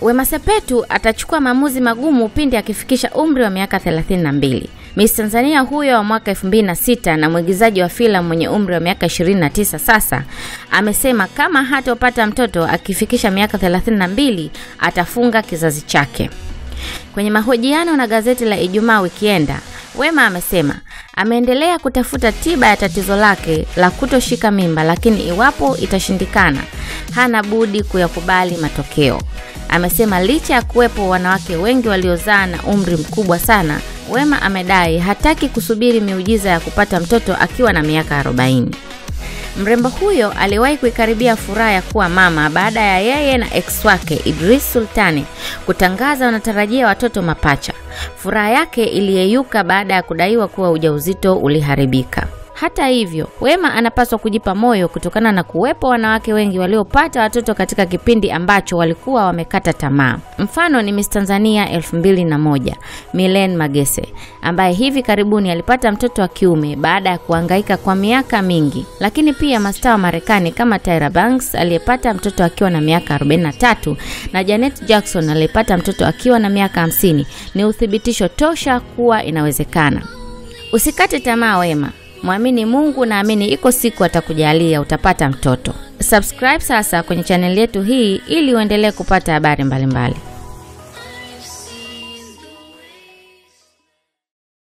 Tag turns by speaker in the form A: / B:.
A: Wema Sepetu atachukua maamuzi magumu pindi akifikisha umri wa miaka 32. Miss Tanzania huyo wa mwaka 2006 na mwigizaji wa filamu mwenye umri wa miaka 29 sasa amesema kama hatopata mtoto akifikisha miaka 32 atafunga kizazi chake. Kwenye mahojiano na gazeti la Ijumaa Wikienda, Wema amesema ameendelea kutafuta tiba ya tatizo lake la kutoshika mimba, lakini iwapo itashindikana, hana budi kuyakubali matokeo amesema licha ya kuwepo wanawake wengi waliozaa na umri mkubwa sana, Wema amedai hataki kusubiri miujiza ya kupata mtoto akiwa na miaka 40. Mrembo huyo aliwahi kuikaribia furaha ya kuwa mama baada ya yeye na ex wake Idris Sultani kutangaza wanatarajia watoto mapacha. Furaha yake iliyeyuka baada ya kudaiwa kuwa ujauzito uliharibika. Hata hivyo, Wema anapaswa kujipa moyo kutokana na kuwepo wanawake wengi waliopata watoto katika kipindi ambacho walikuwa wamekata tamaa. Mfano ni Miss Tanzania 2001 Milen Magese ambaye hivi karibuni alipata mtoto wa kiume baada ya kuhangaika kwa miaka mingi, lakini pia mastaa wa Marekani kama Tyra Banks aliyepata mtoto akiwa na miaka 43 na Janet Jackson aliyepata mtoto akiwa na miaka 50 ni uthibitisho tosha kuwa inawezekana. Usikate tamaa Wema. Mwamini Mungu, naamini iko siku atakujalia utapata mtoto. Subscribe sasa kwenye chaneli yetu hii ili uendelee kupata habari mbalimbali.